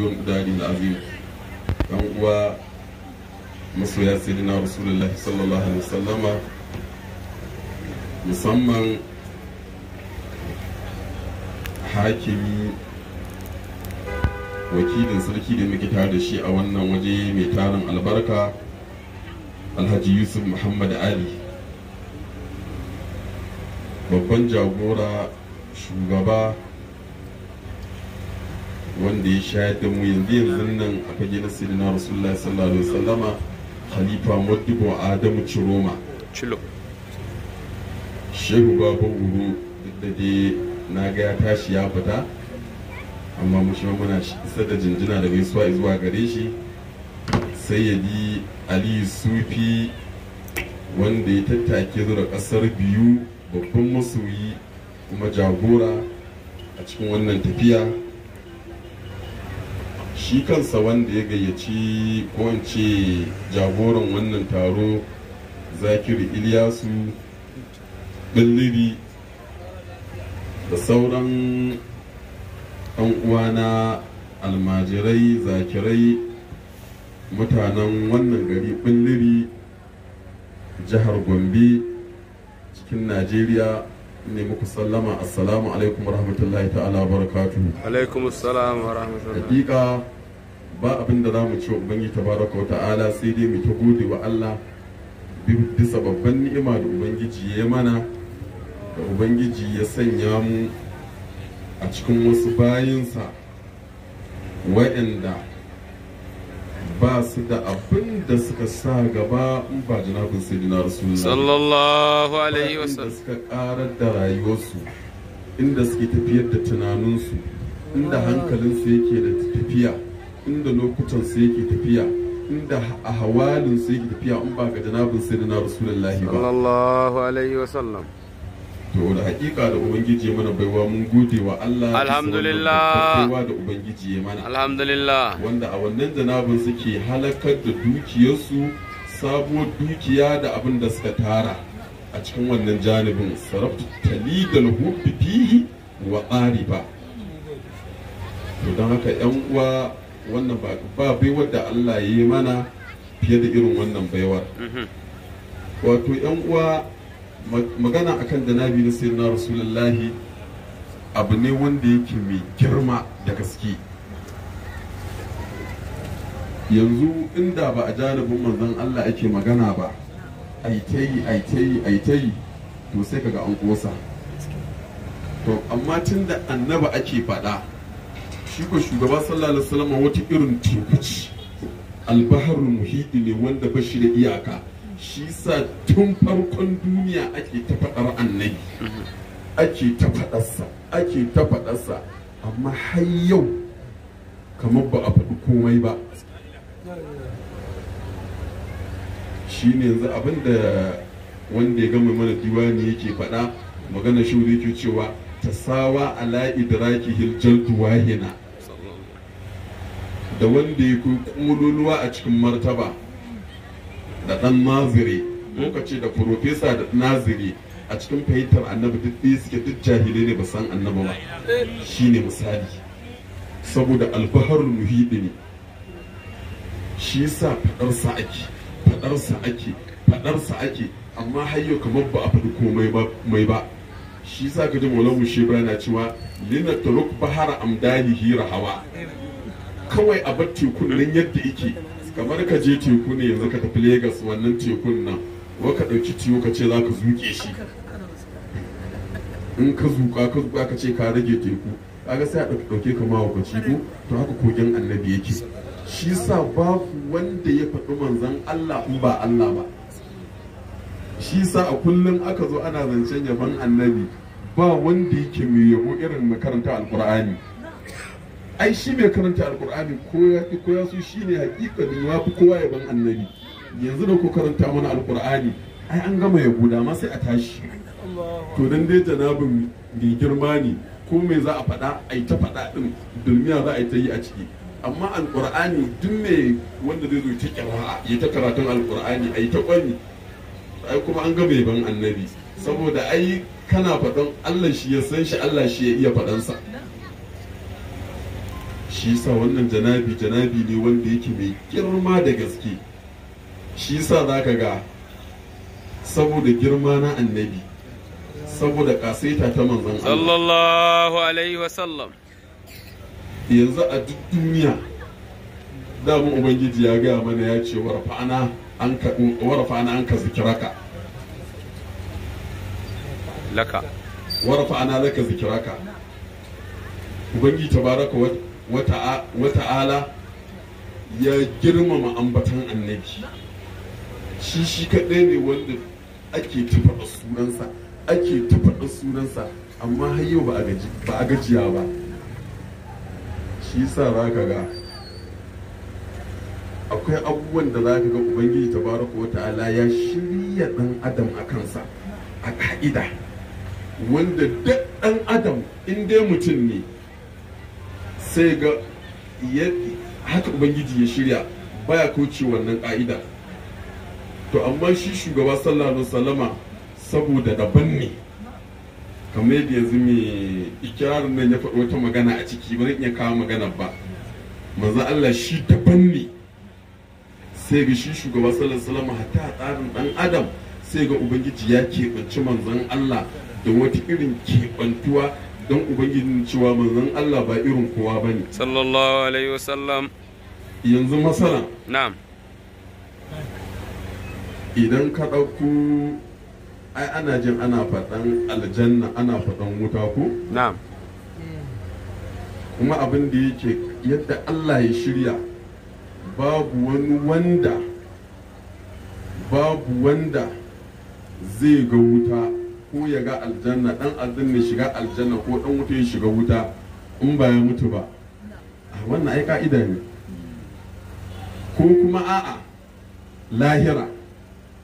بمقدار عظيم yan uwa masoya sayyidina rasulullahi sallallahu alaihi wasallama musamman hakimi wakilin sarki da muke tare da shi a wannan waje mai tarin albarka alhaji yusuf muhammad ali babban jagora shugaba wanda ya shayar da mu yanzu yanzu nan a fage na sayyidina sallallahu alaihi wasallama khalifa modibo adamu ciroma cilo shehu babu guru duk da dai na ga ya tashi ya fita amma mu shi muna isa da jinjina da gaisuwa zuwa gare shi sai ya bi Ali sufi wanda ya tattake zuwa kasar biyu babban masoyi kuma jagora a cikin wannan tafiya shi kansa wanda ya gayyaci ko in ce jagoran wannan taro zakiru iliyasu billiri da sauran ɗan uwana almajirai zakirai mutanen wannan gari billiri jihar gombe cikin najeriya ne muku sallama assalamu alaikum rahmatullahi ta'ala barakatu alaikum assalamu wa rahmatullahi hakika ba abin da za mu ce ubangiji baraka wa ta'ala sai dai mu ta gode wa Allah bisa babban ni'ima da ubangiji ya mana da ubangiji ya sanya mu a cikin wasu bayinsa wa'anda ba su da abin da suka sa gaba in ba jinabin sai na sallallahu alaihi wasallam suka karar da rayuwarsu inda suke tafiyar da tunaninsu inda hankalinsu yake da tafiya inda lokutan su yake tafiya inda a hawalin sa yake tafiya in ba ga janabin sai na rasulullahi ba sallallahu alaihi wa sallam to da hakika da ubangiji ya mana baiwa mun gode wa Allah alhamdulillah baiwa da ubangiji ya mana alhamdulillah wanda a wannan janabin suke halakar da dukiyarsu sabuwar dukiya da abin da suka tara a cikin wannan janibin sarrafa talidal hubbi fihi wa ƙariba to don haka 'yan uwa wannan ba baiwar da Allah ya yi mana fiye da irin wannan baiwar mhm. wato yan uwa magana akan nabi na sayyidina rasulullahi abu ne wanda yake mai girma da gaske yanzu inda ba a janibin manzon Allah ake magana ba aitayi aitayi aitayi to sai kaga an kosa to amma tun da annaba ake faɗa shi ko shugaba sallallahu alaihi wasallam wata irin teku ce albahar muhiti ne wanda ba shi da iyaka shi sa tun farkon duniya ake ta faɗar annabi ake ta faɗarsa ake ta faɗarsa amma har yau kamar ba a faɗi komai ba shi ne yanzu abinda wanda ya gama mana diwani yake faɗa magana shi yake cewa tasawa ala idrakihil jaldu wahina da wanda ya kai kululuwa a cikin martaba da ɗan naziri lokaci da profesa da naziri a cikin fahimtar annabi duk ɗaya suke duk jahilai ne ba san annabi ba shine misali saboda albaharul muhidi ne shi yasa faɗarsa ake faɗarsa ake faɗarsa ake amma hayyo kamar ba a faɗi komai ba mai ba shi yasa kaji maulan mushe na cewa lina taruk bahara hira hawa. kawai a bar tekun nan yadda yake kamar ka je teku ne yanzu ka tafi Legas wannan tekun nan wa ka ɗauki tiyo ka ce za ka zuƙe shi in ka zuƙa ka zuƙa ka ce ka rage teku kaga sai a ɗauke ka mahaukaci ko to haka kogin annabi yake shi sa babu wanda ya faɗi manzon Allah in ba Allah ba shi sa a kullum aka zo ana zancen yaban annabi ba wanda yake mai yabo irin makaranta alkur'ani ai shi mai karanta alkur'ani ko ya fi ko ya su shine hakikanin ya fi kowa yaban annabi yanzu da ko karanta mana alkur'ani ai an gama ya guda ma sai a tashi to dan dai janabin mai girma ne ko me za a faɗa a yi ta faɗa din dulmiya za a yi ta yi a ciki amma alkur'ani duk me wanda zai zo ta kyarwa ya ta karatun alkur'ani a yi ta kwani ai kuma an gama yaban annabi saboda ai kana faɗan Allah shi ya san shi Allah shi ya iya faɗansa shi sa wannan janabi janabi ne wanda yake mai girma da gaske shi sa za ka ga saboda girma na annabi saboda kasaita ta manzon Allah sallallahu alaihi wasallam yanzu a duk duniya damun ubangiji ya gaya mana ya ce warfa'ana an ka warfa'ana an ka zikiraka laka warfa'ana laka zikiraka ubangiji tabaraka wa wata'ala ya girmama ambatan annabi shi shi kadai ne wanda ake tufa a sunansa ake tufa a sunansa amma har yau ba a gajiya ba shi sa za ka ga akwai abubuwan da za ka ga ubangiji tabaraka wa wata'ala ya shirya dan adam a kansa a ka'ida wanda duk ɗan adam in dai mutum ne sai ga haka ubangiji ya shirya baya kauce wannan ka'ida to amma shi shugaba sallallahu alaihi wasallama saboda daban ne kamar yadda yanzu mai ikirarin nan ya faɗi wata magana a ciki ba zan iya kawo magana ba manzo Allah shi daban ne sai ga shi shugaba sallallahu alaihi hatta tsarin dan adam sai ga ubangiji ya keɓanci manzon Allah da wata irin keɓantuwa don ubangijin cewa manzon Allah ba irin kowa bane sallallahu alaihi wasallam yanzu masala na'am idan ka ɗauko ai ana jin ana faɗan aljanna ana faɗan wuta ko na'am kuma abin da yake yadda Allah ya shirya babu wani wanda babu wanda zai ga wuta ko ya ga aljanna dan aljanna shiga aljanna ko dan wuta ya shiga wuta in ba ya mutu ba wannan ai ka'ida ne ko kuma a'a lahira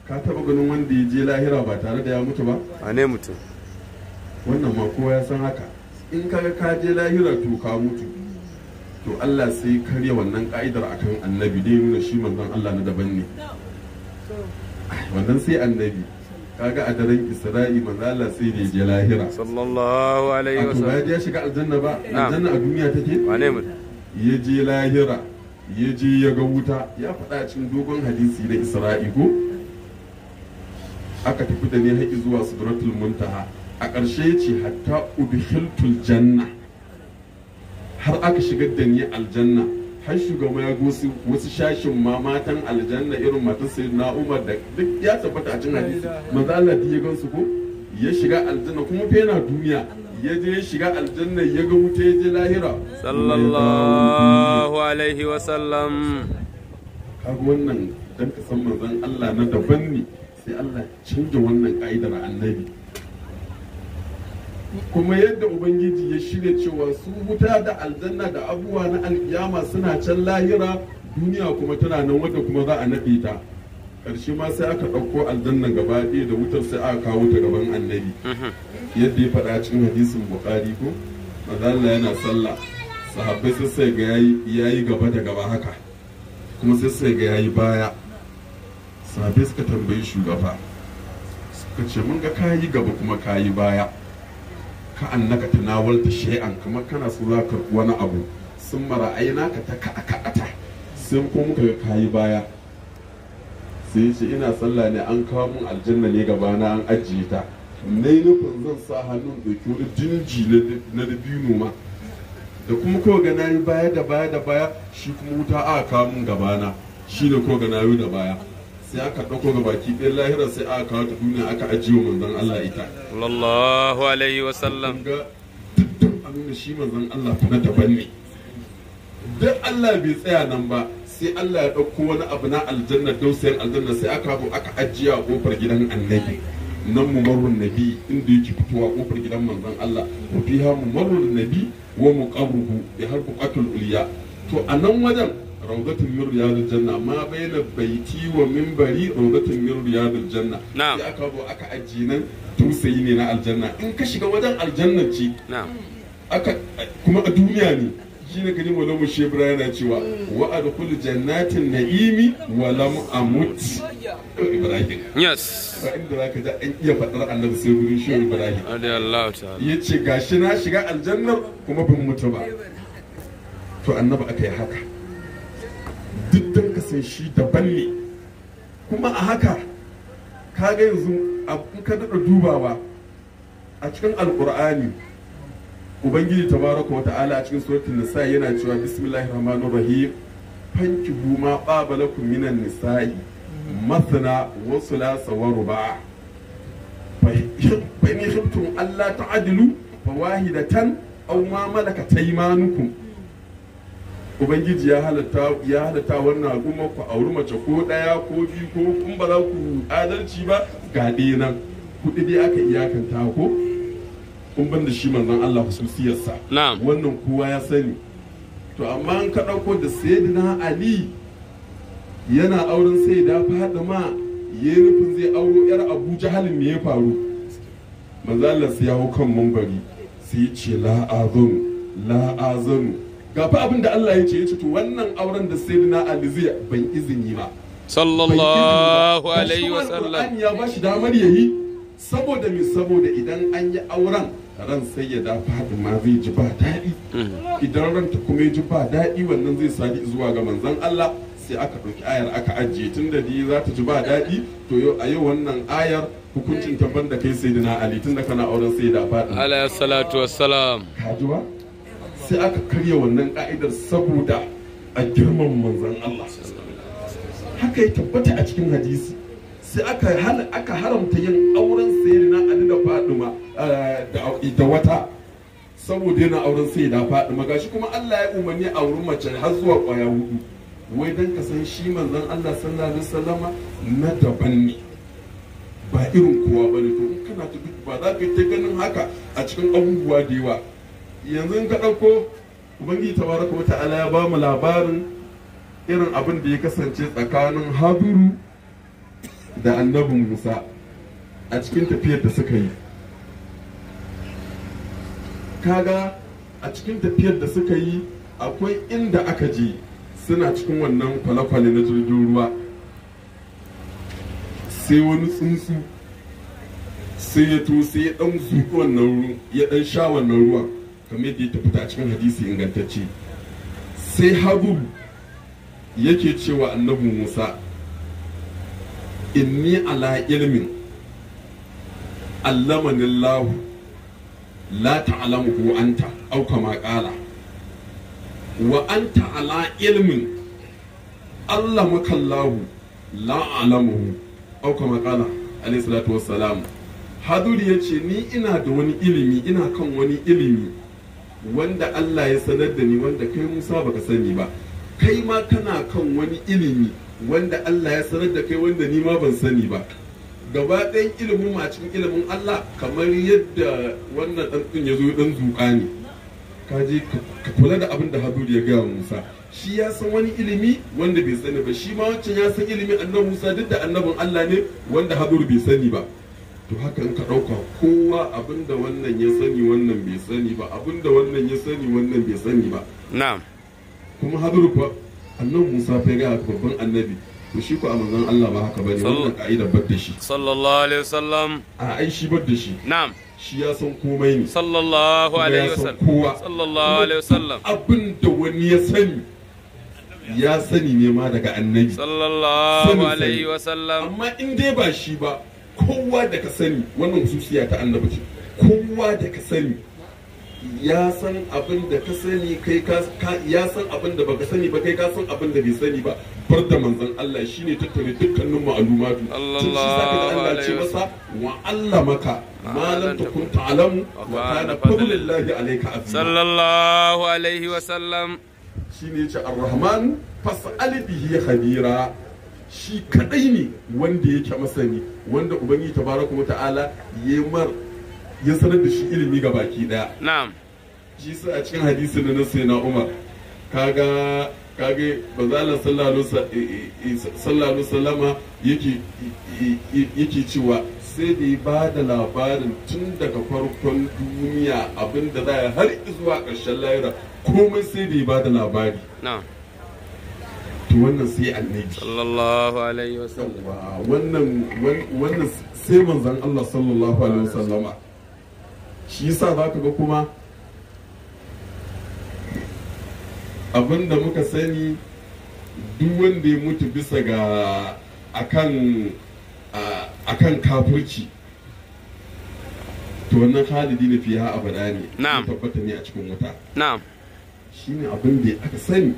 ka taba ganin wanda ya je lahira ba tare da ya mutu ba a ne mutu wannan ma kowa ya san haka in kaga ka je lahira to ka mutu to Allah sai karya wannan ka'idar akan annabi dai nuna shi manzon Allah na daban ne wannan sai annabi kaga a daren isra'i manzo Allah sai da je lahira sallallahu alaihi wasallam ba ya shiga aljanna ba aljanna a duniya take wane mu ya je lahira ya je ya ga wuta ya faɗa cikin dogon hadisi na isra'i ko aka tafi da ni haƙi zuwa sidratul muntaha a ƙarshe ce hatta udkhiltul janna har aka shigar da ni aljanna har shugaba ya gosi wasu shashin ma matan aljanna irin matan na umar da duk ya tabbata a cikin hadisi manzo Allah ya gansu ko ya shiga aljanna kuma fa yana duniya ya je ya shiga aljanna ya ga wuta ya je lahira sallallahu alaihi wa sallam kaga wannan dan ka san manzon Allah na daban ne sai Allah canja wannan ka'idar annabi kuma yadda ubangiji ya shirya cewa su wuta da aljanna da abubuwa na alkiyama suna can lahira duniya kuma tana nan wadda kuma za a naɗe ta karshe ma sai aka ɗauko aljanna gaba ɗaya da wutar sai aka kawo ta gaban annabi mhm. yadda ya faɗa cikin hadisin bukhari ko mazalla yana sallah sahabbai sai sai ga yayi gaba da gaba haka kuma sai sai ga yayi baya sahabbai suka tambayi shugaba suka ce mun ga kayi gaba kuma kayi baya ka annaka tanawalta shay'an kamar kana so za ka wani abu sun mara aina ka ta ka'a ka'ata sai ko muka ka kayi baya sai ce ina sallah ne an kawo mun aljanna ne gabana an ajiye ta na yi nufin zan sa hannun ɗauki wani jinji na dabino ma da kuma ko ga nayi baya da baya da baya shi kuma wuta aka kawo mun gabana shi ne ko ga nayi da baya sai aka ɗauko ga baki ɗaya lahirar sai aka kawo ta duniya aka ajiye manzon Allah ita sallallahu alaihi wa sallam ga duk dukkan amina shi manzon Allah fa na daban ne duk Allah bai tsaya nan ba sai Allah ya ɗauko wani abu na aljanna dausayin aljanna sai aka habo aka ajiye a kofar gidan annabi nan mu mumarrun nabi inda yake fitowa kofar gidan manzon Allah ku wa fiha mumarrun nabi wa mu muqarruhu bi harbu qatul uliya to a nan wajen rawdatun min riyadil janna ma baina baiti wa minbari rawdatun min riyadil janna na'am ya aka zo aka ajiye nan tausayi ne na aljanna in ka shiga wajen aljanna ce na'am aka kuma a duniya ne shi ne kaji malamu shebra yana cewa wa adkhul jannatin na'imi wa lam amut ibrahim yes fa inda zaka ja an iya fadar annabi sai gurin shi ibrahim radiyallahu ta'ala yace gashi na shiga aljannar kuma ban mutu ba to annabi aka yi haka ce shi daban ne kuma a haka kaga yanzu a ka daɗa dubawa a cikin alkur'ani ubangiji tabaraka wa ta'ala a cikin suratul nisa yana cewa bismillahir rahmanir rahim fankihu ma qabalakum minan nisa'i مثنى Allah ورباع فإن خفتم ألا تعدلوا فواحدة أو ما ملكت أيمانكم ubangiji ya halatta ya halatta wannan al'umma ku auri mace ko daya ko biyu ko kun ba za ku adalci ba ga nan kuɗi dai aka iyakanta ko kun ban da shi manzon Allah hususiyarsa wannan kowa ya sani to amma an ka dauko da sayyidina Ali yana auren sai da Fatima ya nufin zai auro yar Abu Jahal me ya faru manzon Allah sai ya hukan kan mambari sai ce la azum la azum ga fa abin da Allah ya ce to wannan auren da sayyidina Ali zai ban izini ba sallallahu alaihi wasallam ya ba shi damar yayi saboda me saboda idan an yi auren ran sayyida Fatima ma zai ji ba daɗi mm. idan ran ta kuma ji ba daɗi wannan zai sadi zuwa ga manzon Allah sai aka ɗauki ayar aka ajiye tun da za ta ji ba daɗi to yau a yau wannan ayar hukuncin tabban da kai sayyidina Ali tun da kana auren sayyida fatima faɗi alayhi salatu wassalam kajuwa sai aka karya wannan ka'idar saboda a girman manzan Allah haka ya tabbata a cikin hadisi sai aka haramta yin auren na Ali da Fatima eh, da wata saboda yana auren sayyida Fatima gashi kuma Allah ya umarni a wurin mace har zuwa kwaya hudu wai don ka san shi manzan Allah sallallahu alaihi wasallama na daban ne ba irin kowa ba ne to kana tafi ba za ka yi ta ganin haka a cikin abubuwa da yawa yanzu ka ɗauko ubangiji tabaraka wa ta'ala ya ba mu labarin irin abin da ya kasance tsakanin haduru da annabi musa a cikin tafiyar da suka yi kaga a cikin tafiyar da suka yi akwai inda aka je suna cikin wannan kwale-kwale na jirgin ruwa sai wani tsuntsu sai ya to sai ya ɗan zuƙi wannan ruwa sha wannan ruwan kamar yadda ya tabbata a cikin hadisi ingantacce sai habub yake cewa annabi musa inni ala ilmin allamanin lahu la ta'lamuhu anta au kama qala wa anta ala ilmin allamaka lahu la alamuhu au kama qala alayhi salatu wassalam haduri ce ni ina da wani ilimi ina kan wani ilimi wanda Allah ya sanar da ni wanda kai Musa baka sani ba kai ma kana kan wani ilimi wanda Allah ya sanar da kai wanda ni ma ban sani ba gaba ɗayan ilimin a cikin ilimin Allah kamar yadda wannan ɗan ɗin ya zo ɗan zuƙa ne ka je ka kula da abin da Hadur ya gaya Musa shi ya san wani ilimi wanda bai sani ba shi ma wancan ya san ilimi annabi Musa duk da annabin Allah ne wanda Hadur bai sani ba to haka in ka ɗauka kowa abinda wannan ya sani wannan bai sani ba abinda wannan ya sani wannan bai sani ba na'am kuma hadiru kuwa annan musa fa ga babban annabi to shi ko a manzon Allah ba haka bane wannan ka'ida badda da shi sallallahu alaihi wasallam a ai shi badda shi na'am shi ya san komai ne sallallahu alaihi wasallam sallallahu alaihi wasallam abinda wani ya sani ya sani ne ma daga annabi sallallahu alaihi wasallam amma in dai ba shi ba kowa da ka sani wannan zuciya ta annabi kowa da ka sani ya san abin da ka sani kai ka ya san abin da baka sani ba kai ka san abin da bai sani ba bar da manzon Allah shine tattare dukkanin ma'lumatu Allah Allah ce masa wa allamaka ma lam takun ta'lamu wa kana fadlullahi alayka azim sallallahu alaihi wa sallam shine ce ar-rahman fas'al bihi khabira shi kadai ne wanda yake masani wanda ubangiji tabaraka wa ta'ala ya mar ya sanar da shi ilimi ga baki daya na'am shi sa a cikin hadisin na na Umar kaga kage bazala sallallahu salama eh, eh, eh, yake cewa sai da ba da labarin tun daga farkon duniya abinda za ya har zuwa ƙarshen layira komai sai da ba da labari to wannan sai annabi sallallahu alaihi wasallam wannan wannan sai manzon Allah sallallahu alaihi wasallama shi yasa zaka ga kuma abinda muka sani duk wanda ya mutu bisa ga akan akan kafirci to wannan halidi na fiya abada ne Na tabbata ne a cikin wuta na'am shine abin da aka sani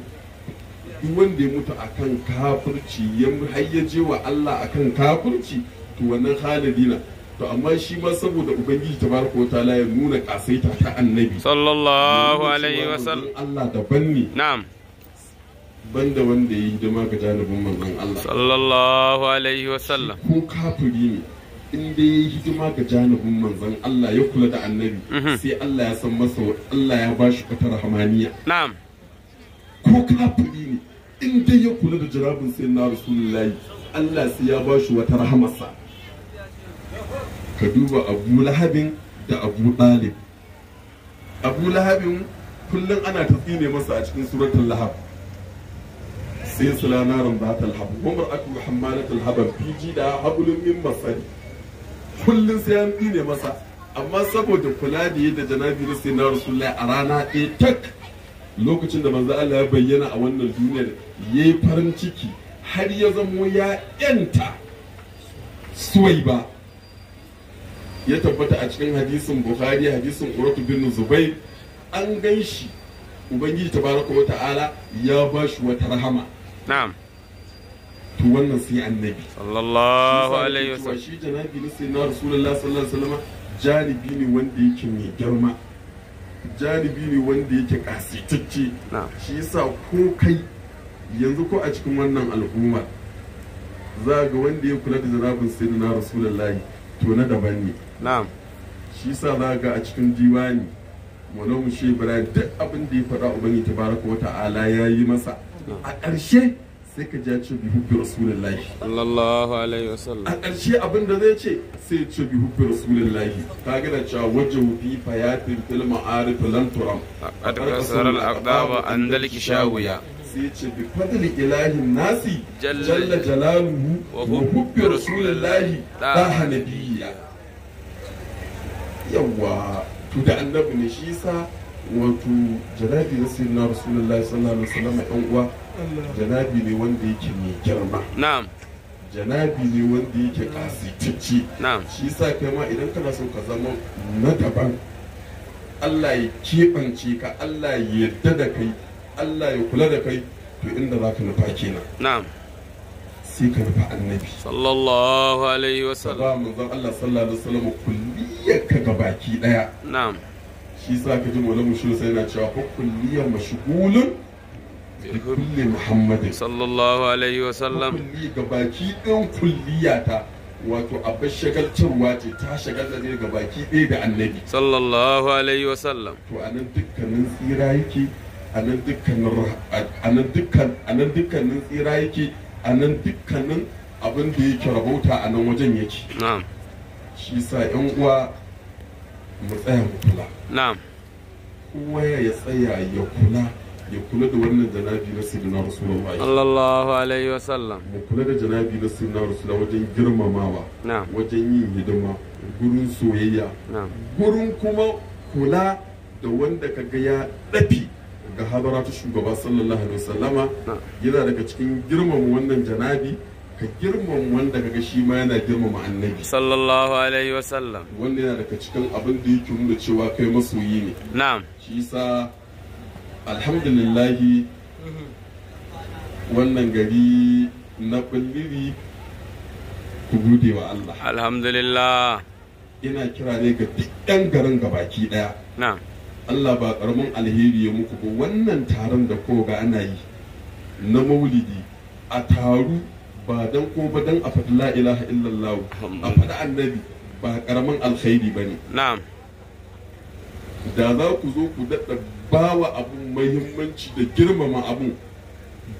duk wanda ya mutu akan kafirci ya hayyaje wa Allah akan kafirci to wannan na to amma shi ma saboda ubangiji tabaraka wataala ya nuna kasaita ta annabi sallallahu alaihi wasallam Allah daban ne na'am banda wanda ya yi hidima ga janibin manzon Allah sallallahu alaihi wasallam ko kafiri ne in dai ya yi hidima ga janibin manzon Allah ya kula da annabi mhm. sai Allah ya san masa Allah ya bashi wata hamaniya. na'am ko kafiri ne in dai ya kula da jirabin sai na rasulullahi Allah sai ya ba shi wata rahamarsa ka duba abu lahabin da abu ɗalib abu lahabin kullum ana ta ne masa a cikin suratul lahab sai sala narin ba ta lahab wa mar'atu hammalatul habab fiji da hablum min masari kullum sai an tsine masa amma saboda kula da yadda janabi sai na rasulullahi a rana ɗaya tak lokacin da manzo Allah ya bayyana a wannan duniyar ya yi farin ciki har ya zamo ya yanta suwai ba ya tabbata a cikin hadisin bukhari hadisin uratu bin zubai an gan shi ubangiji tabaraka wa ta'ala ya ba shi wata rahama na'am to wannan sai annabi sallallahu alaihi wasallam shi janabi ne sai na rasulullahi sallallahu alaihi wasallam janibi ne wanda yake mai girma janibi ne wanda yake kasitacce shi yasa ko kai yanzu ko a cikin wannan al'umma za ga wanda ya kula da janabin sai na rasulullahi to na daban ne shi yasa za ga a cikin diwani malamu shi ibrahim duk abin da ya faɗa ubangiji tabaraka wata ala ya yi masa a ƙarshe sai ka ja ce bi hubbi rasulullahi sallallahu alaihi wasallam a ƙarshe abin da zai ce sai ce bi hubbi rasulullahi ka ga da cewa wajen fi fayatin fil ma'arif lan turam a kasar al-aqdaba an dalki shawiya sai ce bi fadli ilahin nasi jalla jalaluhu wa hubbi rasulullahi da hanabiya yawa to da annabi ne shi yasa wato jalabi na sayyidina rasulullahi sallallahu alaihi wasallam ɗan uwa janabi ne wanda yake mai girma na'am janabi ne wanda yake kasitacce na'am shi sa kai ma idan kana son ka zama na daban Allah ya keɓance ka Allah ya yarda da kai Allah ya kula da kai to inda za ka nufa kenan na'am sai ka nufa annabi sallallahu alaihi wasallam ba manzon Allah sallallahu alaihi wasallam kulliyar ka ga baki daya na'am shi sa ka ji malamu shi sai na cewa kulliyar mashghulun kulli muhammadin sallallahu alaihi sallam kulli gabaki ɗin kulliyata wato abin shagaltarwa ce ta shagalta ne gabaki ɗaya da annabi sallallahu alaihi sallam to anan dukkanin tsira yake anan dukkanin anan dukkan anan dukkanin tsira yake anan dukkanin abin da yake rabauta a nan wajen yake na'am shi sa ƴan uwa mu tsaya mu kula na'am kowa ya tsaya ya kula ya kula da wannan janabi na sayyidina rasulullahi sallallahu alaihi wasallam mu kula da janabi na sayyidina rasulullahi wajen girmamawa wajen yin hidima gurin soyayya gurin kuma kula da wanda kaga ya dafi ga hadaratu shugaba sallallahu alaihi wasallama yana daga cikin girmama wannan janabi ka girmama wanda kaga shi ma yana girmama annabi sallallahu alaihi wasallam Wannan yana daga cikin abin da yake nuna cewa kai masoyi ne na'am shi yasa alhamdulillahi mhm. wannan gari na kulliri ku gode wa Allah alhamdulillah ina kira ne ga duk ɗan garin gabaki ɗaya na Allah ba ƙaramin alheri ya muku ba wannan taron da ko ga ana yi na maulidi a taru ba dan ko ba dan a faɗi la ilaha illallah a faɗi annabi ba ƙaramin alheri ba ne na'am da za ku zo ku daɗa bawa abun mahimmanci da girmama abun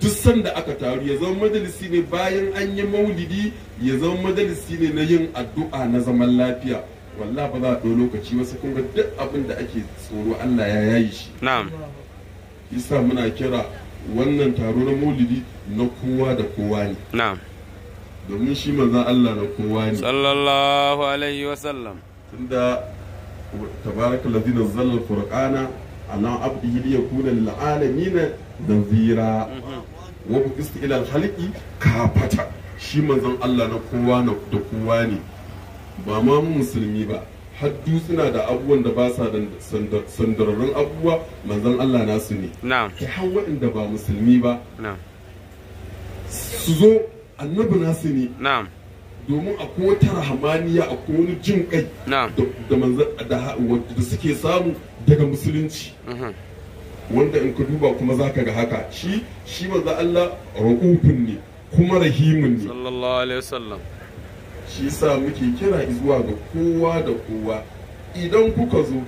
duk sanda aka taru ya zama majalisi ne bayan an yi maulidi ya zama majalisi ne na yin addu'a na zaman lafiya walla ba za a ɗau lokaci wasu kun ga duk abin da ake tsoro Allah ya yayi shi na'am isa muna kira wannan taro na maulidi na kowa da kowa ne na'am domin shi manzon Allah na kowa ne sallallahu alaihi wa sallam tunda tabarakallazi nazzala alqur'ana ala abdihi kuna yakuna lil na nazira mhm. wa bu ila al khalqi kafata shi manzon Allah na kowa da kowa ne ba ma musulmi ba Haddu suna da abubuwan da ba sa sandararrun abubuwa manzon Allah na su ne ki har waɗanda ba musulmi ba su zo annabi nasu ne domin akwai wata rahamaniya akwai wani jin kai da suke samu daga musulunci mhm. wanda in ka duba kuma za ka ga haka shi shi manzo Allah ra'ufun ne kuma rahimun ne sallallahu alaihi wasallam shi sa muke kira zuwa ga kowa da kowa idan kuka zo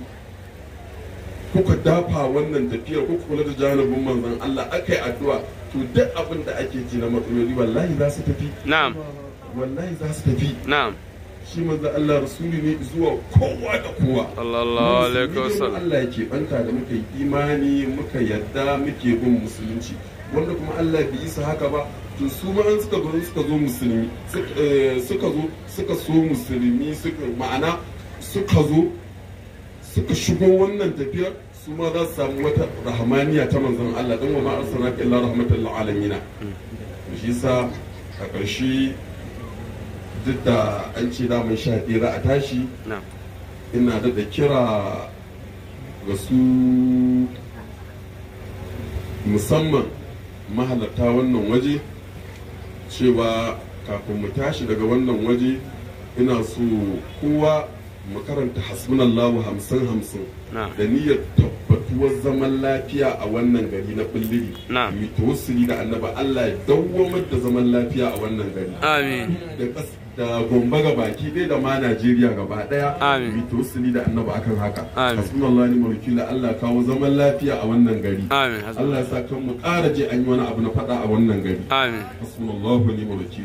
kuka dafa wannan tafiyar kuka kula da janibin manzon Allah aka yi addu'a to duk abin da ake ji na matsaloli wallahi za su tafi na'am wallahi za su tafi na'am shi manzo Allah rasuli ne zuwa kowa da kowa Allah yake banta da muka yi imani muka yadda muke bin musulunci wanda kuma Allah bai isa haka ba to su ma an suka zo suka zo musulmi eh, suka zo suka so musulmi suka ma'ana suka zo suka shigo wannan tafiyar su ma za su samu wata rahmaniya ta manzon Allah dan wa ma arsalnaka illa rahmatan lil alamin hmm. shi yasa a ƙarshe duk da an ce damar sha za a tashi ina da kira ga su musamman mahalarta wannan waje cewa kafin mu tashi daga wannan waje ina so kowa mu karanta hasbunallahu hamsin hamsin da niyyar tabbatuwar zaman lafiya a wannan gari na bulliri mai tosiri da annaba Allah ya dawo da zaman lafiya a wannan gari amin da gombe ga baki ɗaya da ma Najeriya gaba ɗaya. Amin. Mu tawassuli da Annabi akan haka. Amin. Hasbunallahu ni mulki la Allah kawo zaman lafiya a wannan gari. Amin. Allah ya sa kan mu ƙara je an yi wani abu na faɗa a wannan gari. Amin. Hasbunallahu ni mulki.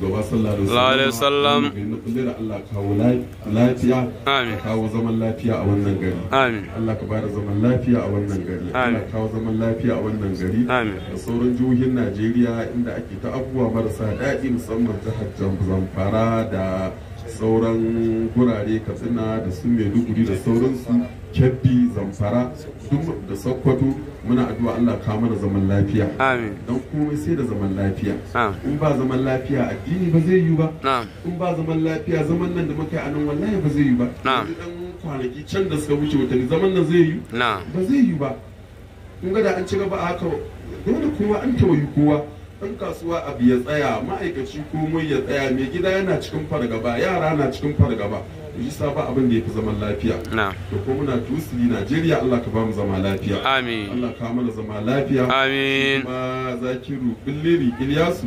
shugaba sallallahu alaihi wasallam Allah kawo lafiya amin kawo zaman lafiya a wannan gari amin Allah ka bada zaman lafiya a wannan gari amin kawo zaman lafiya a wannan gari amin da sauran jihohin Najeriya inda ake ta abubuwa marasa daɗi musamman jihar da sauran gurare Katsina da su Maiduguri da sauransu kebbi zamfara duk da sokoto muna addu'a Allah ka mana zaman lafiya amin dan komai sai da zaman lafiya in ba zaman lafiya addini ba zai yi ba in ba zaman lafiya zaman nan da muke a nan wallahi ba zai yi ba dan kwanaki can da suka wuce wutan zaman nan zai yi ba zai yi ba kun ga da an ci gaba haka dole kowa an tawayi kowa Dan kasuwa abu ya tsaya ma'aikaci komai ya tsaya mai gida yana cikin fargaba yara na cikin fargaba isa ba abin da ya fi zaman lafiya to ko muna tusili najeriya allah ka bamu zama lafiya amin allah ka mana zama lafiya amin kuma zakiru billiri ilyasu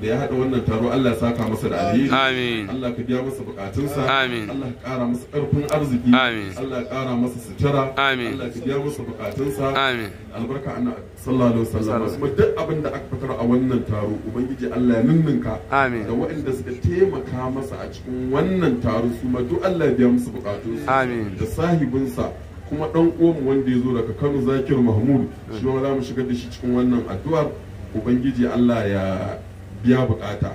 da ya haɗa wannan taro Allah ya saka masa da alheri amin Allah ka biya masa bukatunsa amin Allah ka ƙara masa ƙarfin arziki amin Allah ka ƙara masa sutura amin Allah ka biya masa bukatunsa amin albarka ana sallallahu alaihi wasallam kuma duk abin da aka fitar a wannan taro ubangiji Allah ya ninninka amin da waɗanda suka taimaka masa a cikin wannan taro su ma duk Allah ya biya masa bukatunsa amin da sahibinsa kuma dan uwan wanda ya zo daga Kano Zakir Mahmud shi ma za mu shigar da shi cikin wannan addu'ar ubangiji Allah ya biya bukata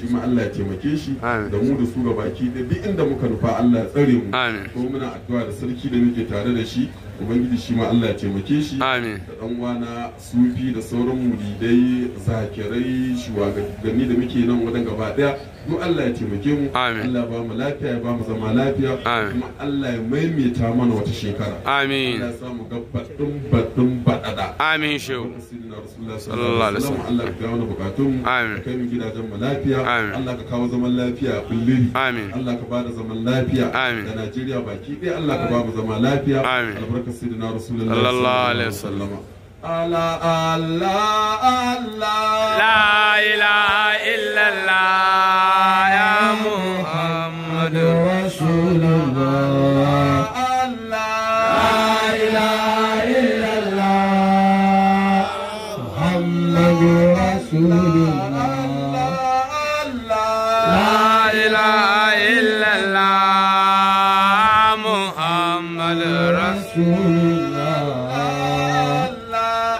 shi ma Allah ya taimake shi da mu da su ga baki da duk inda muka nufa Allah ya tsare mu ko muna addu'a da sarki da muke tare da shi ubangiji shi ma Allah ya taimake shi da dan wana sufi da sauran muridai zakirai ni da muke nan wadan gaba daya mu Allah ya taimake mu Allah ba mu lafiya ya ba mu zama lafiya kuma Allah ya maimaita mana wata shekara amin Allah ya samu gabbadin baddin badada amin shehu sallallahu alaihi wasallam Allah ya wani bukatun amin kai mu gidajen mu lafiya Allah ka kawo zaman lafiya a kullum amin Allah ka bada zaman lafiya amin da Najeriya baki ɗaya Allah ka ba mu zama lafiya amin albarkar sayyidina rasulullahi sallallahu alaihi wasallam الله الله الله لا إله إلا الله يا محمد رسول الله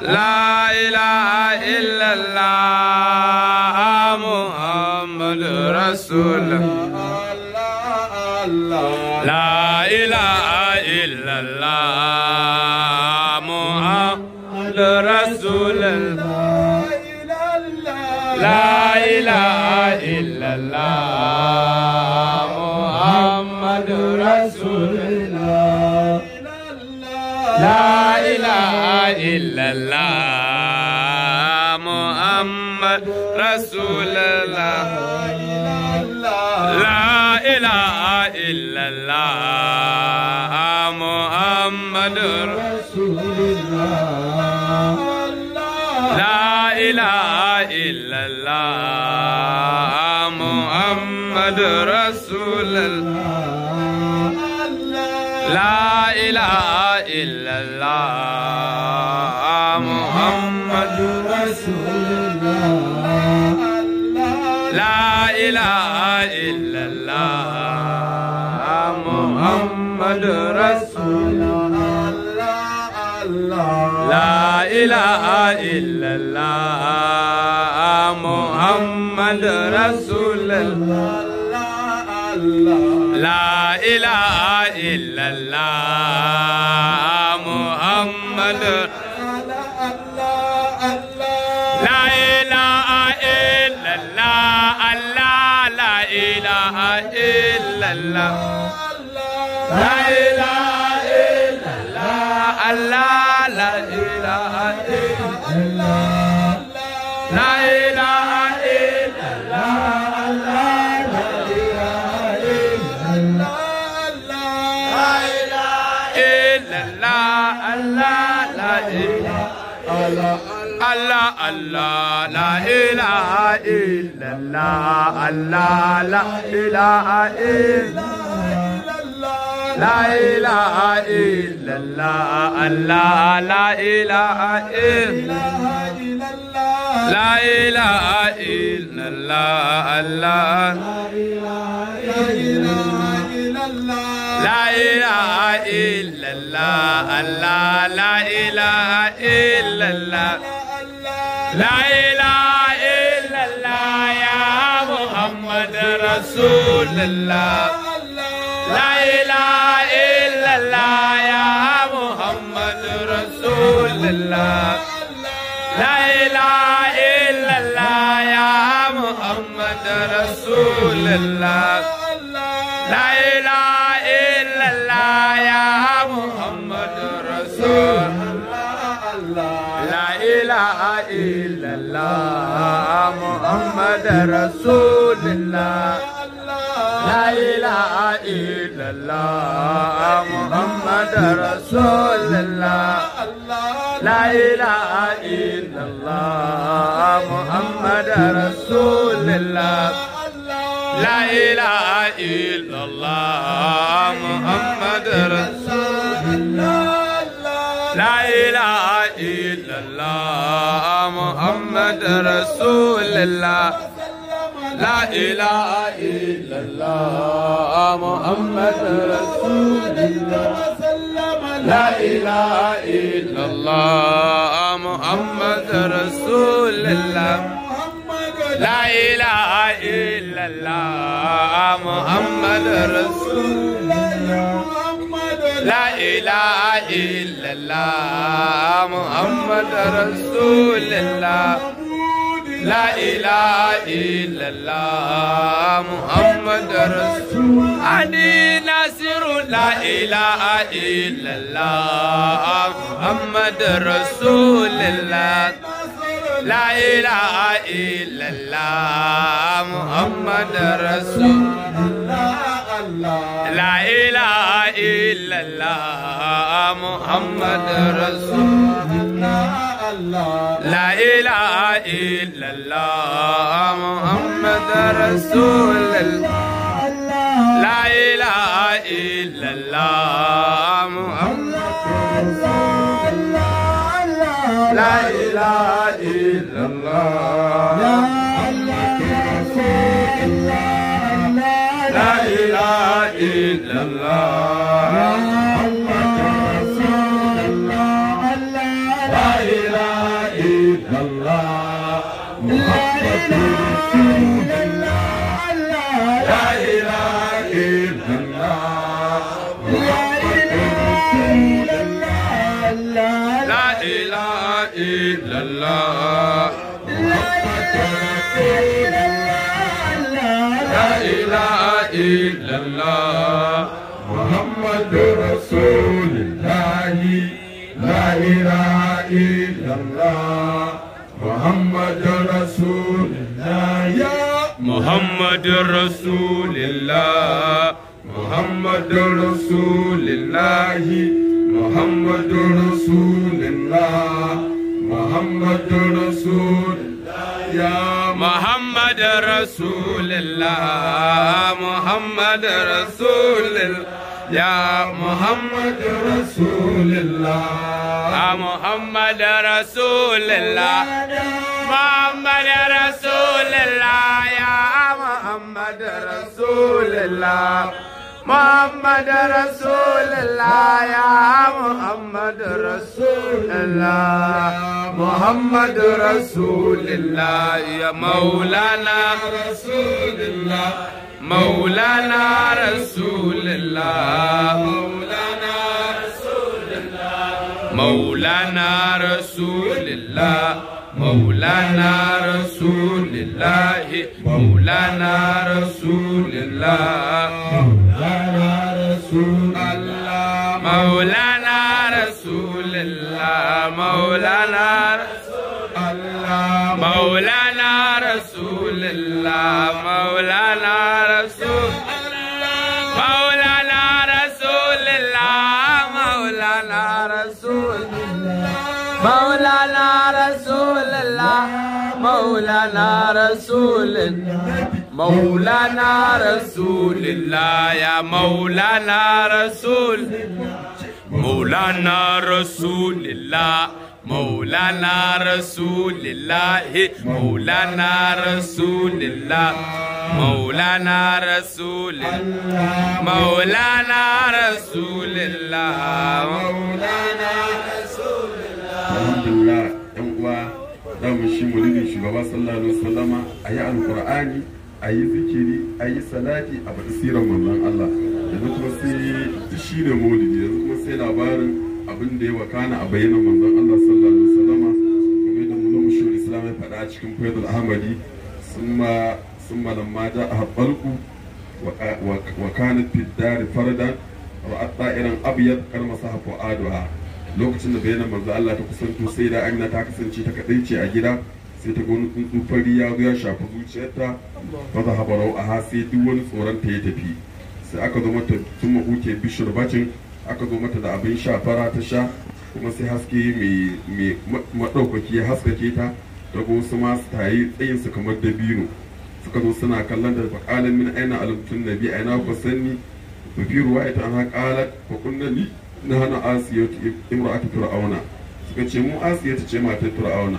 لا إله إلا الله محمد رسول الله رسول الله لا إله إلا الله محمد رسول الله ilaha illallah Muhammadu Rasulullah La ilaha illallah Muhammadu Rasulullah La ilaha illallah Muhammadu Rasulullah الله لا إله إلا الله الله الله لا إله إلا الله الله لا إله إلا لا إله إلا الله الله لا إله إلا لا إله إلا الله الله لا إله إلا الله لا إله إلا الله لا إله إلا الله لا إله إلا الله يا محمد رسول الله لا إله إلا الله يا محمد رسول الله لا إله إلا الله يا محمد رسول الله لا إله ilallah Muhammad Rasulullah La ilaha illallah a Rasulullah La ilaha illallah Muhammad Rasulullah La ilaha illallah Muhammad Rasulullah محمد رسول الله لا إله إلا الله محمد رسول الله لا إله إلا الله محمد رسول الله لا إله إلا الله محمد رسول الله Laila a ilalla Muhammad rasu lalla. Laila a Muhammad rasu lalla. Ali Nasiru Laila a Muhammad rasu lalla. Laila a Muhammad rasu لا إله إلا الله محمد رسول الله لا إله إلا الله محمد رسول الله لا إله إلا الله محمد رسول الله لا إله إلا الله محمد رسول الله محمد رسول الله محمد رسول الله محمد رسول يا محمد رسول الله محمد رسول الله يا محمد رسول الله يا محمد رسول الله محمد رسول الله يا محمد رسول الله محمد رسول الله يا محمد رسول الله محمد رسول الله يا مولانا رسول الله مولانا رسول الله مولانا رسول الله مولانا رسول الله مولانا رسول الله مولانا رسول الله مولانا رسول الله مولانا رسول الله مولانا رسول الله مولانا رسول الله مولانا مولانا رسول الله مولانا رسول الله يا مولانا رسول مولانا رسول الله مولانا رسول الله مولانا رسول الله مولانا رسول الله مولانا رسول الله مولانا رسول الله dama shi mulidin shugaba sallallahu alaihi wasallama a yi alkur'ani a yi zikiri a yi salati a faɗi siran manzon Allah yanzu kuma sai shi ne maulidi yanzu kuma sai labarin abin da ya wakana a bayyana manzon Allah sallallahu alaihi wasallama kuma da mu mushur islam ya faɗa cikin faidul ahmadi sun summa lamma a habalku wa kanat fid farda faradan ra'at ta'iran abyad karma sahafu aduha lokacin da bayanan manzo Allah ta kusanto sai da Amina ta kasance ta kadai ce a gida sai ta gani tsuntsu fari ya zo ya shafi zuciyarta ba za a ha sai duk wani tsoron ta ya tafi sai aka zo mata sun mahuke bishir bacin aka zo mata da abin sha fara ta sha kuma sai haske mai madaukaki ya haskake ta su ma su tayi tsayinsu kamar dabino suka zo suna kallon da faƙalin min aina alimtun nabi aina ku sanni ba ruwa ita an haƙalar kunna nabi na hana asiya fir'auna suka ce mu asiya ta ce matar fir'auna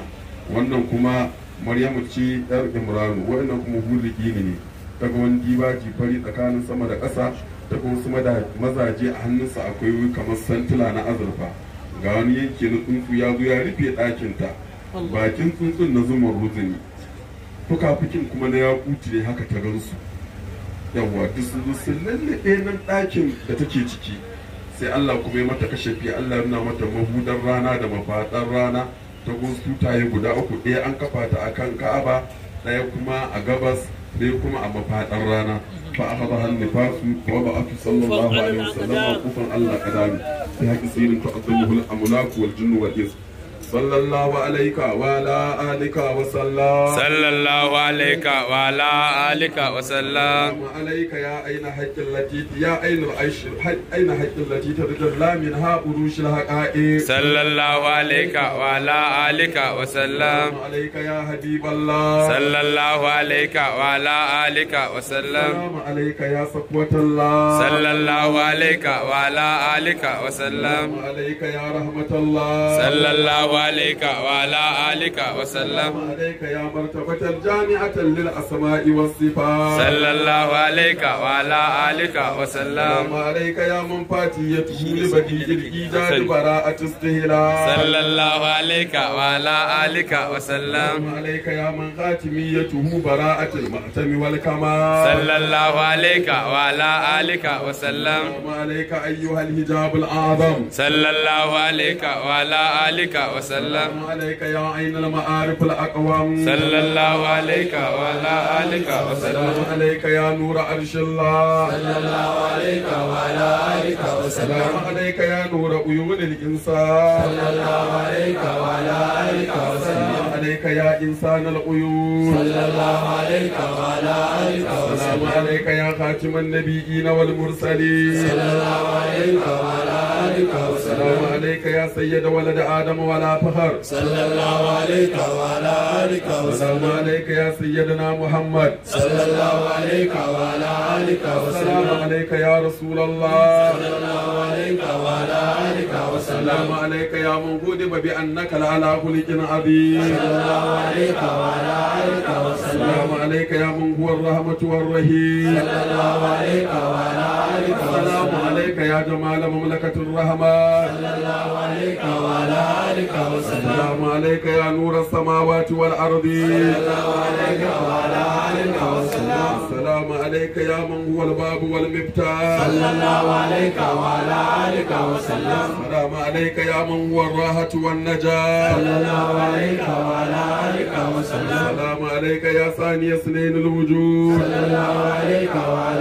wannan kuma maryamu ce yar imranu wannan kuma huliki ne daga wani dibaji fari tsakanin sama da ƙasa ta kuma wasu mazaje a hannunsa akwai kamar santila na azurfa ga wani yanki na tsuntsu ya zo ya rufe ɗakinta bakin tsuntsun na zumar ruzumi fukafukin kuma na yakuti ne haka ta gansu yawwa duk sun zo nan ɗakin da take ciki sai Allah kuma ya mata kashe fiye Allah ya nuna mata mabudan rana da mafaɗar rana ta tutaye guda uku ɗaya an kafa ta akan Ka'aba ɗaya kuma a gabas ɗaya kuma a mafaɗar rana fa aka ba hannu fasu wa ba aka sallallahu alaihi wasallam a kufan Allah kadami sai haƙi sirin ta azamuhul amulaku wal jinnu wal صلى الله عليك وعلى آلك وسلم صلى الله عليك وعلى آلك وسلم عليك يا أين التي يا أين أين التي ترد منها بروش الحقائق صلى الله عليك وعلى آلك وسلم عليك يا حبيب الله صلى الله عليك وعلى آلك وسلم عليك يا صفوة الله صلى الله عليك وعلى آلك وسلم عليك يا رحمة الله صلى الله عليك وعلى آلك وسلم عليك يا مرتبة الجامعة للأسماء والصفات صلى الله عليك وعلى آلك وسلم عليك يا من فاتيته لبديع الإيجاد براءة استهلال صلى الله عليك وعلى آلك وسلم عليك يا من خاتميته براءة المأتم والكمال صلى الله عليك وعلى آلك وسلم عليك أيها الهجاب الأعظم صلى الله عليك وعلى آلك وسلم وسلم عليك يا عين المعارف الأقوام صلى الله عليك وعلى آلك وسلم عليك يا نور عرش الله صلى الله عليك وعلى آلك وسلم عليك يا نور عيون الإنسان صلى الله عليك وعلى آلك وسلم عليك يا إنسان العيون صلى الله عليك وعلى آلك وسلم عليك يا خاتم النبيين والمرسلين صلى الله عليك وعلى آلك عليك وسلم عليك يا سيد ولد آدم ولا فخر صلى الله عليك وعلى آلك وسلم عليك يا سيدنا محمد صلى الله عليك وعلى آلك وسلم عليك يا رسول الله صلى الله عليك وعلى آلك وسلم عليك يا موجود بأنك لعلى خلق عظيم صلى الله عليك وعلى آلك وسلم عليك يا من هو الرحمة والرحيم صلى الله عليك وعلى آلك وسلم ka ya jo malam mulkatul rahman sallallahu alayka wa ala alika wa sallam alayka ya nur as samawati wal ardi sallallahu alayka wa ala alika wa sallam ya man huwa al bab wal ya man huwa al rahat wan naja sallallahu ya sani yasnin al wujud sallallahu alayka wa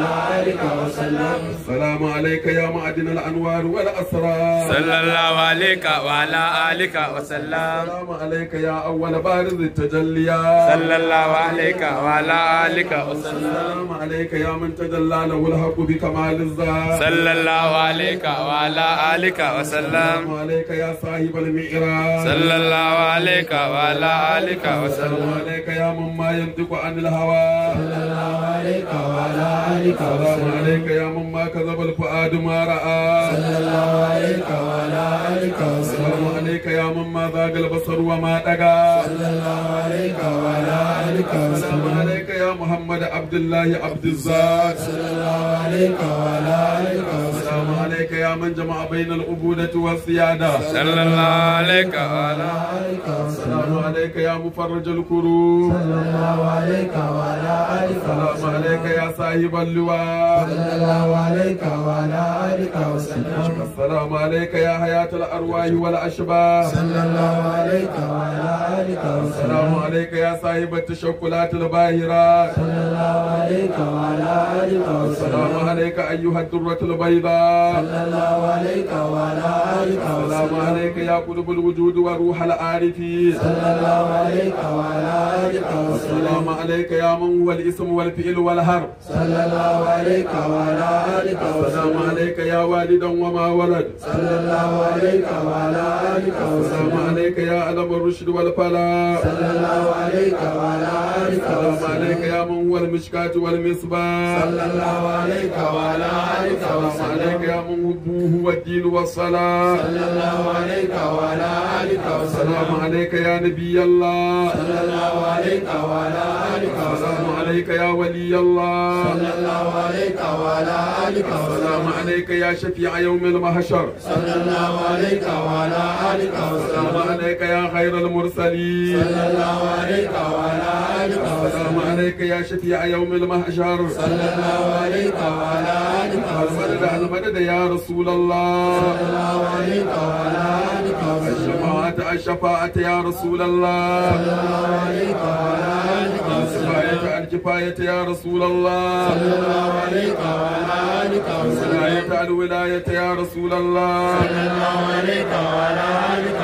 ala alika wa يا معدن الانوار والاسرار صلى الله عليك وعلى اليك وسلم السلام عليك يا اول بارز التجليات صلى الله عليك وعلى اليك وسلم السلام عليك يا من تجلى له الحق بكمال الذات صلى الله عليك وعلى اليك وسلم السلام عليك يا صاحب المعراج صلى الله عليك وعلى اليك وسلم عليك يا من ما ينطق عن الهوى صلى الله عليك وعلى اليك وسلم عليك يا من ما كذب الفؤاد ما رأى صلى الله عليك وعلى آلك وسلم عليك يا من ما ذاق البصر وما دقى صلى الله عليك وعلى آلك وسلم عليك يا محمد عبد الله عبد الزاد صلى الله عليك وعلى آلك وسلم عليك يا من جمع بين العبودة والسيادة صلى الله عليك وعلى آلك وسلم عليك يا مفرج الكروب صلى الله عليك وعلى آلك وسلم عليك يا صاحب اللواء صلى الله عليك وعلى آلك وآلك وسلم السلام عليك يا حياة الأرواح والأشباح صلى الله عليك وعلى آلك وسلم السلام عليك يا صاحب التشكلات الباهرات صلى الله عليك وعلى آلك وسلم السلام عليك أيها الدرة البيضاء صلى الله عليك وعلى آلك وسلم السلام عليك يا قلب الوجود وروح العارفين صلى الله عليك وعلى آلك وسلم السلام عليك يا من هو الاسم والفعل والهرب صلى الله عليك وعلى آلك وسلم السلام عليك عليك يا والدا وما ولد صلى الله عليك وعلى آلك وسلم عليك يا علم الرشد والفلا صلى الله عليك وعلى آلك وسلم عليك يا من هو المشكاة والمصباح صلى الله عليك وعلى آلك وسلم عليك يا من هو الدين والصلاة صلى الله عليك وعلى آلك وسلم عليك يا نبي الله صلى الله عليك وعلى آلك وسلم عليك يا ولي الله صلى الله عليك وعلى آلك وسلم عليك عليك يا شفيع يوم المحشر صلى الله عليك وعلى آلك وسلم عليك يا خير المرسلين صلى الله عليك وعلى آلك السلام عليك يا شفيع يوم المحشر صلى الله عليك وعلى آلك المدد المدد يا رسول الله صلى الله عليك وعلى آلك الشفاعة الشفاعة يا رسول الله صلى الله عليك وعلى آلك الكفاية الكفاية يا رسول الله صلى الله عليك وعلى آلك الولاية يا رسول الله صلى الله عليك وعلى آلك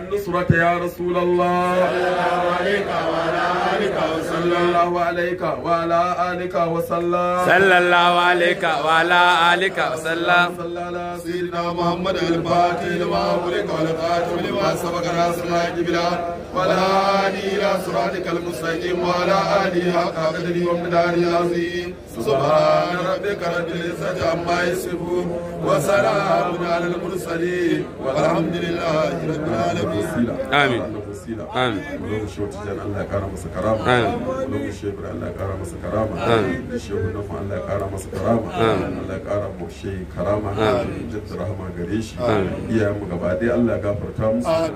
النصرة يا رسول الله صلى الله عليك وعلى آلك صلى الله عليك وعلى آلك وسلم صلى الله عليك وعلى آلك وسلم صلى على سيدنا محمد الفاتح لما أغلق لما سبق ناصر الله وعلى آله إلى صراطك المستقيم وعلى آله حق قدره ومقداره العظيم سبحان ربك رب العزة عما يصفون وسلام على المرسلين والحمد لله رب العالمين آمين آمين آمين lokacin shekar Allah ya kara masa karama da shehu na fa Allah ya kara masa karama Allah ya kara mu shehi karama da rahama gare shi iyayen mu gaba ɗaya Allah ya gafarta musu